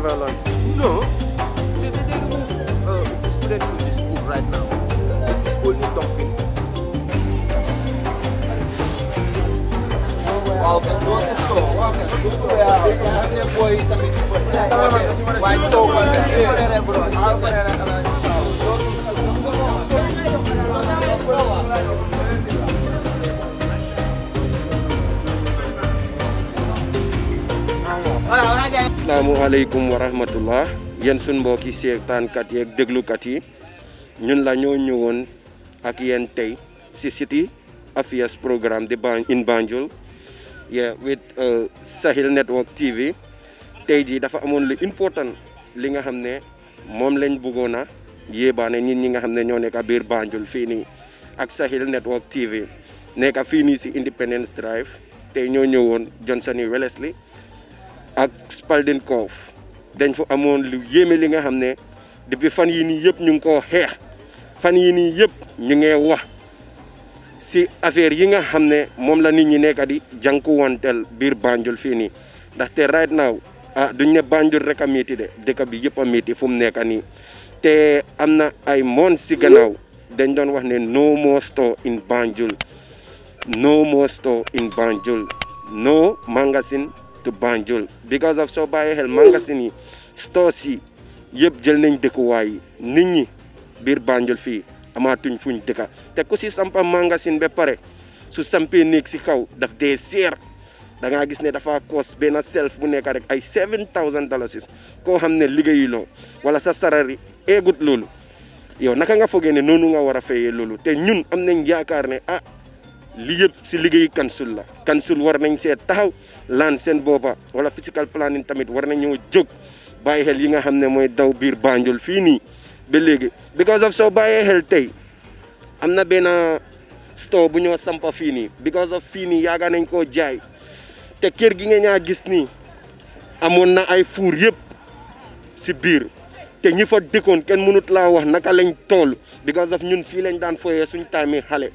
travel on? No. They, they, they remove uh, the student from the school right now. It is only dumping. Walter, do outro estou. Walter, do outro é jàng asalaamualeykum wa rahmatullah yéen tan mbokki seetaankat deglu kat yi ñun la ñoo ñëwoon ak yéen tay ci City afias Programme di ban in Banjul Ya with eh, Sahil Network TV tay ji dafa amon lu important li nga xamne ne lañ bëggona yebane yéebaane nit ñi nga xamne ne ñoo nekk biir Banjul fini. nii ak sahil Network TV Neka fini si Independence Drive tey ñoo ñëwoon Johnson Wellesley ak Palden Koof dañ fa amoon lu yéeme li nga xam ne depuis fan yi nii yëpp ñu ngi ko xeex fan yi nii yëpp ñu ngee wax si affaire yi nga xam ne moom la nit ñi nekk di jànkuwanteel biir Banjul fii nii ndaxte right now ah duñ ne Banjul rek a miti de dëkk bi yëpp a métti fu mu nekk nii te am na ay moon si gannaaw dañ doon wax ne no more store in Banjul no more store in Banjul no magasin to Banjul because of soo bàyyee xel magasin yi stores yi yëpp jël nañ dëkkuwaay yi nit ñi biir Banjul fii amaatuñ fuñ dëkka te ku si sampa magasin ba pare su sampee néeg si kaw daf dee seer da gis ne dafa cost benn self bu nekk rek ay seven thousand dollars koo xam ne liggéeyuloo wala sa sarari eegut loolu naka nga foogee ne noonu nga war a loolu te ñun am nañ yaakaar ne ah, lii yëpp si liggéey kansul la kansul war nañ see taxaw lan seen booba wala physical planning tamit war nañoo jóg bàyyi xel yi nga xam ne mooy daw biir Banjul fii nii ba léegi because of soo bàyyee xel tey am na benn store bu ñoo sampa fii nii because of fii nii yaaga nañ koo jaay te kër gi nga ñaa gis nii amoon na ay fuur yépp si biir te ñi fa dikoon kenn mënut laa wax naka lañ toll because of ñun fii lañ daan foyee suñ taami xale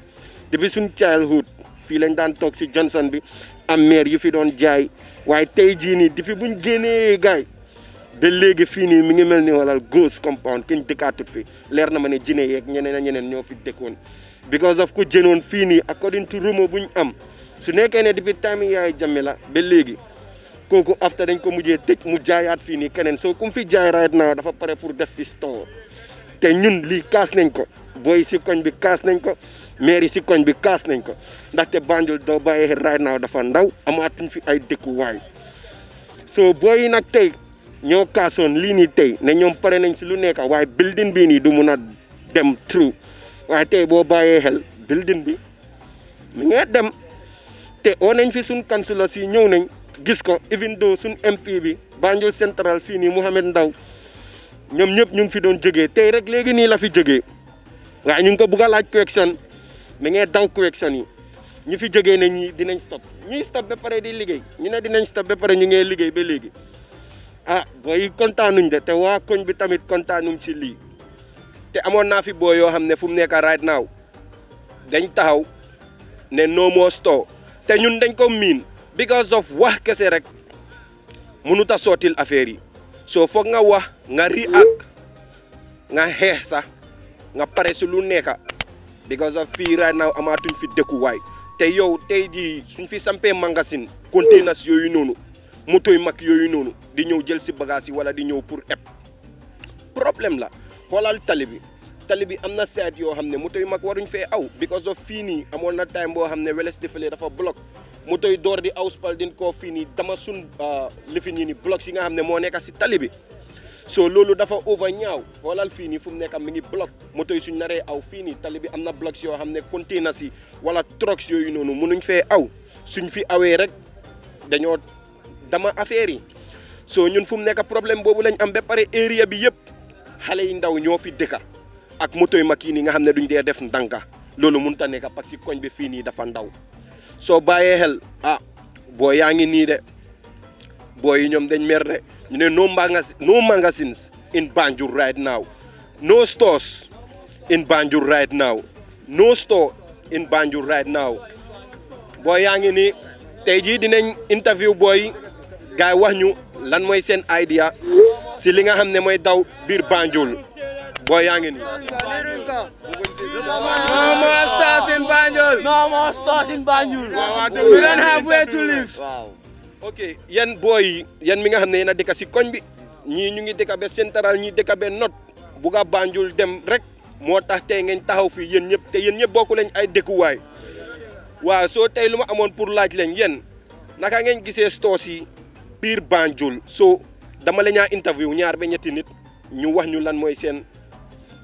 depuis suñ childhood fii lañ daan toog si Johnson bi am maire yu fi doon jaay waaye tey jii nii depuis buñ génnee gaay ba léegi fii nii mi ngi mel ni wala ghost compound kuñ dëkkaatut fi leer na ma ne jine yeeg ñeneen ak ñeneen ñoo fi dëkkoon because of ku jënoon fii nii according to rumo buñ am su nekkee ne depuis time yaay jàmme la ba léegi kooku after dañ ko mujjee tëj mu jaayaat fii nii keneen soo ku mu fi jaay right now dafa pare pour def fi store te ñun lii kaas nañ ko booy si koñ bi kaas nañ ko maire yi si koñ bi kaas nañ ko ndaxte Banjul doo bàyyi xel right now dafa ndaw amaatuñ fi ay dëkkuwaay soo booy nag tey ñoo kaasoon lii nii tey ne ñoom pare nañ si lu nekk waaye building bii nii du mun a dem true waaye tey boo bàyyee xel building bi mi ngi dem te oo nañ fi suñ councilor si ñëw nañ gis ko even though suñ MP bi Banjul Central fii nii Mouhamed Ndaw ñoom ñëpp ñu ngi fi doon jógee tey rek léegi nii la fi jógee nga ñu ko bëgg laaj correction mi ngay daw correction yi ñu fi jëgé nañ ñi dinañ stop ñuy stop ba paré di liggéey ñu né dinañ stop ba paré ñu ngay liggéey ba légui ah booy nuñ de te wa koñ bi tamit nuñ ci li te amon na fi boy yo xamné fu mu right now dañ taxaw ne no more store te ñun dañ ko min because of wax kessé rek mënut ta sotil affaire yi so fokk nga wax nga ri ak nga xeex sax nga pare si lu nekka because of fii right now amaatuñ fi dëkkuwaay te yow tey jii suñ fi sampee magasin containers yooyu noonu mu yu mag yooyu noonu di ñëw jël si bagage yi wala di ñëw pour eb problème la xoolal tali bi tali bi am na seet yoo xam ne moto yu mag waruñ fee aw because of fii nii amoon na time boo xam ne weles defalee dafa bloc moto yi door di aw spaldin ko fii nii dama sun ah, lifin yi ni bloc yi nga xam ne moo nekk si tali bi soo loolu dafa over ñaaw xoolal fii nii fu mu nekk am mi ngi bloc moto yi suñ naree aw fii nii tali bi am na blocs yoo xam ne containers si wala trucks yooyu noonu munuñ fee aw suñ fi awee rek dañoo dama affaire yi soo ñun fu mu nekk problème boobu lañ am ba pare area bi yëpp xale yi ndaw ñoo fi dëkka ak moto yu mag yi nii nga xam ne duñ dee def ndànka loolu mun ta nekk parce que koñ bi fii nii dafa ndaw soo bàyyee xel ah boo yaa ngi nii de. boy ñom dañ mer de ñu ne no mangas no magazines in Banjul right now no stores in Banjul right now no store in Banjul right now boy yaangi ni tay ji dinañ interview boy gaay wax ñu lan moy sen idea si li nga xamne moy daw bir Banjul boy yaangi ni No more stars in Banjul. No more stars in Banjul. We don't have where to live. Wow. ok yan booy yi yan mi nga xam ne yéen a dëkk si koñ bi ñii ñu ngi dëkk ba central ñii dëkk ba not bugg a Banjul dem rek moo tax te ngeen taxaw fii yéen ñëpp te yéen ñëpp bokku lañ ay dëkkuwaay waaw soo tey lu ma amoon pour laaj leen yéen naka ngeen gisee stoos yi biir Banjul soo dama la ñaa interview ñaar ba ñetti nit ñu wax ñu lan mooy seen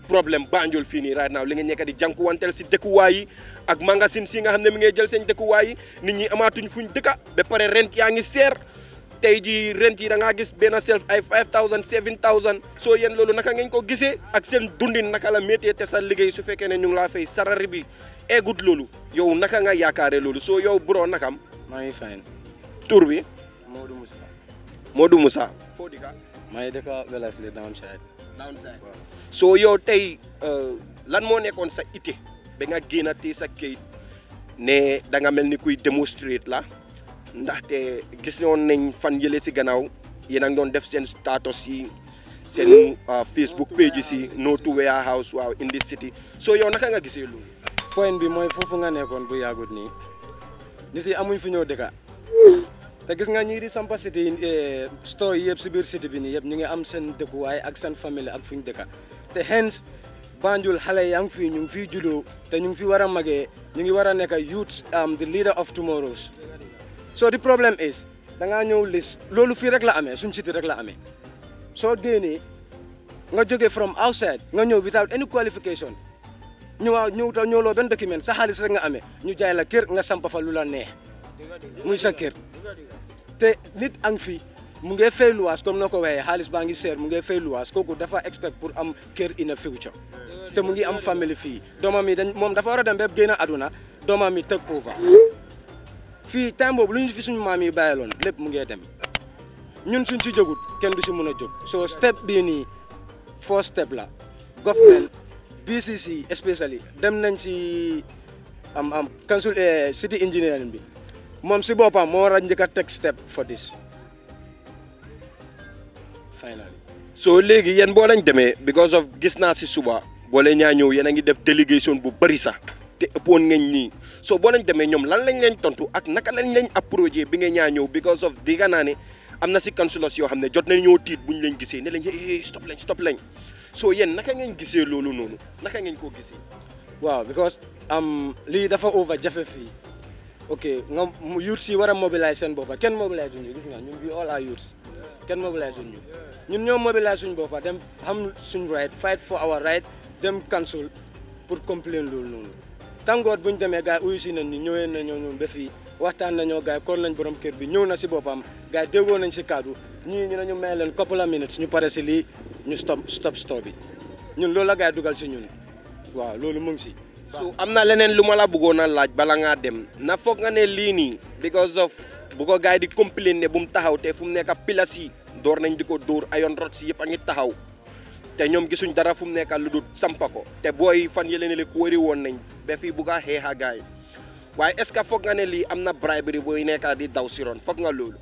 problème Banjul fini right now li nga nekk di ci deku way yi ak magazine si nga xamne mi ngay jël seen way yi nit ñi amatuñ fuñ dëkka be paré rent ya ngi ser tay ji rent yi da nga gis ben self ay 5000 7000 so yeen lolu naka ngeen ko gisé ak seen dundin naka la méttee té sa liggéey su fekkee né ñu la fay sarar bi égout lolu yow naka nga lolu so yow bro nakam. ma ngi fay. tour bi. Modou Moussa. Modou Moussa. foo di ka. ngi dëkk Welasli le so yow tey euh, lan moo nekkoon sa ité ba nga génn tey sa kayit ne danga mel ni kuy démonstrer la ndaxte gis noon nañ fan yële si gannaaw yéen a ngi doon def seen status yi seen euh, Facebook page si no to warehouse waaw in this city soo yow naka nga gisee loolu. point bi mooy foofu nga nekkoon bu yàggut nii nit amuñ fu ñëw dëkka te gis nga ñii di sampa city eh, store yi yëpp si biir city bi nii yëpp ñu ngi am seen dëkkuwaay ak seen famille ak fuñ dëkka te hence Banjul xale yaa ngi fii ñu ngi fii te ñu ngi fi war a magee ñu ngi war a nekk youth am um, the leader of tomorrows so the problem is da ngaa ñëw lis loolu fii rek la amee suñ city rek la amee soo génnee nga from outside nga ñëw without any qualification ñëwaa ñëw taw ñëwloo benn document sa xaalis rek nga amee ñu jaay la kër nga sampa fa lu la neex muy sa kër te nit a ngi fi mu ngee fay luwaas comme na ko waxee xaalis baa ngi seer mu ngee fay luwaas kooku dafa expect pour am kër in a future te mu ngi am famille fii doomam yi dañ moom dafa war a dem bépp génn àdduna doomam yi teg over fii temps boobu lu ñu fi suñu maam yi loon lépp mu ngee dem ñun suñ si jógut kenn du si mën a jog so step bii nii first step la government BCC especially dem nañ si am am council eh, city engineering bi moom si boppam moo war a njëkk a teg step for this finally so léegi yen boo lañ demee because of gis naa si suba boo ñaa ñëw yéen a ngi def délégation bu bari sax te ëppoon ngeen nii so boo lañ demee ñoom lan lañ leen tontu ak naka lañ leen approché bi ngeen ñaa ñëw because of digga naa ne am na si consulos yoo xam ne jot nañ ñoo tiit buñ leen gisee ne lañ eh stop lañ stop lañ so yéen naka ngeen gisee loolu noonu naka ngeen koo gisee. waaw because am um, lii dafa over jafe fii. ok nga youth si war a mobiliser seen boppa kenn mobiliser suñu gis nga ñun bi all our youth kenn mobiliser suñu ñun ñoo mobiliser suñu boppa dem xam suñu right fight for our right dem council pour complain loolu noonu tàngoor bu ñu demee gars yi uyu si nañ ñu ñëwee nañoo ñoom ba fii waxtaan nañoo gars yi kon borom kër bi ñëw na si boppam gars yi déggoo nañ si kaddu ñii ñu ne ñu may leen couple of minutes ñu pare si lii ñu stop stop stop bi ñun loolu la gars yi dugal si ñun waaw loolu mu ngi si. so, amna lenen leneen lu la bëggoon a laaj bala ngaa dem na foog nga ne lii nii because of bu ko gars di complain ne bu mu taxaw te fu mu nekk pilas yi door nañ di ko dóor ayoon rot si yëpp a ngi taxaw te ñoom gisuñ dara fu mu nekk lu dul sampa ko te booy fan yële ne li wëri woon nañ ba fii bu a xeex gars yi waaye est ce que foog nga ne lii am bribery booy nekk di daw si ron foog nga loolu.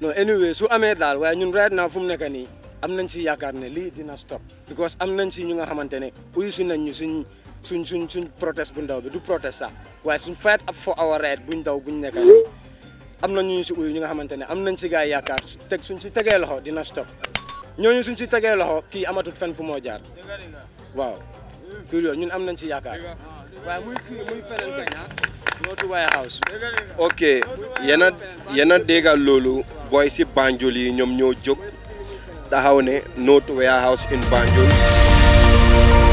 non anyway su amee daal waaye ñun right now fu mu nekk nii am nañ si yaakaar ne lii dina stop. because am nañ si ñu nga xamante ne uyu si nañ ñu suñ. suñ suñ suñ protest bu ndaw bi du protest sax waaye suñ fight up for our right buñ daw buñ nekk nii am na ñu ñu si uyu ñu nga xamante ne am nañ si gaay yaakaar teg suñ si tegee loxo dina stop ñooñu suñ si tegee loxo kii amatut fen fu moo jaar waaw pour ñun am nañ si yaakaar waaye muy fii muy feneen kañ go to White House loolu booy si Banjul yi ñoom ñoo jóg daxaw ne no to White House in Banjul